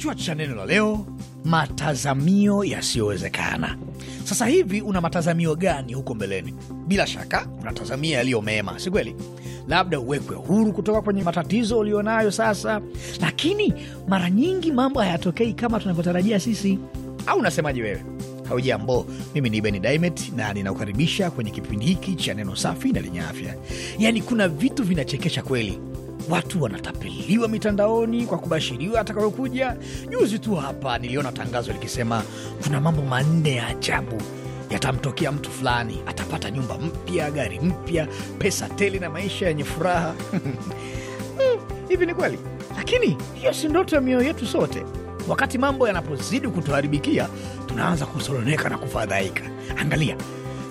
Kichwa cha neno la leo, matazamio yasiyowezekana. Sasa hivi una matazamio gani huko mbeleni? Bila shaka unatazamia yaliyo mema, si kweli? Labda uwekwe huru kutoka kwenye matatizo ulionayo sasa, lakini mara nyingi mambo hayatokei kama tunavyotarajia sisi, au unasemaje wewe? Haujambo, mimi ni Beni Dimet na ninakukaribisha kwenye kipindi hiki cha neno safi na lenye afya. Yaani, kuna vitu vinachekesha kweli watu wanatapeliwa mitandaoni kwa kubashiriwa atakayokuja. Juzi tu hapa niliona tangazo likisema kuna mambo manne ya ajabu yatamtokea mtu fulani, atapata nyumba mpya, gari mpya, pesa tele na maisha yenye furaha. Hmm, hivi ni kweli? Lakini hiyo si ndoto ya mioyo yetu sote? Wakati mambo yanapozidi kutuharibikia, tunaanza kusononeka na kufadhaika. Angalia,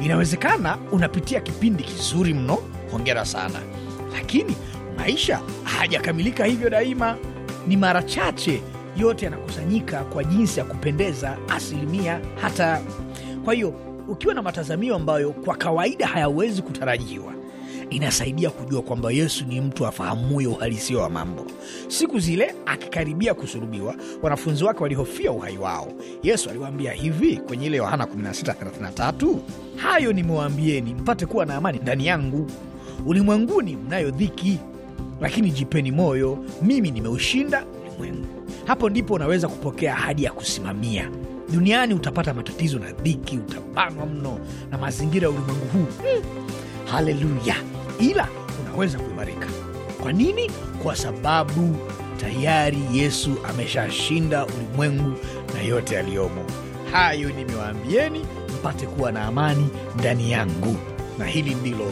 inawezekana unapitia kipindi kizuri mno, hongera sana, lakini maisha hajakamilika hivyo daima, ni mara chache yote yanakusanyika kwa jinsi ya kupendeza asilimia hata. Kwa hiyo ukiwa na matazamio ambayo kwa kawaida hayawezi kutarajiwa, inasaidia kujua kwamba Yesu ni mtu afahamuye uhalisio wa mambo. Siku zile akikaribia kusulubiwa, wanafunzi wake walihofia uhai wao. Yesu aliwaambia hivi kwenye ile Yohana 16:33, hayo nimewaambieni mpate kuwa na amani ndani yangu. Ulimwenguni mnayo dhiki lakini jipeni moyo, mimi nimeushinda ulimwengu. Hapo ndipo unaweza kupokea ahadi ya kusimamia. Duniani utapata matatizo na dhiki, utabanwa mno na mazingira ya ulimwengu huu hmm. Haleluya! Ila unaweza kuimarika. Kwa nini? Kwa sababu tayari Yesu ameshashinda ulimwengu na yote yaliyomo. Hayo nimewaambieni mpate kuwa na amani ndani yangu, na hili ndilo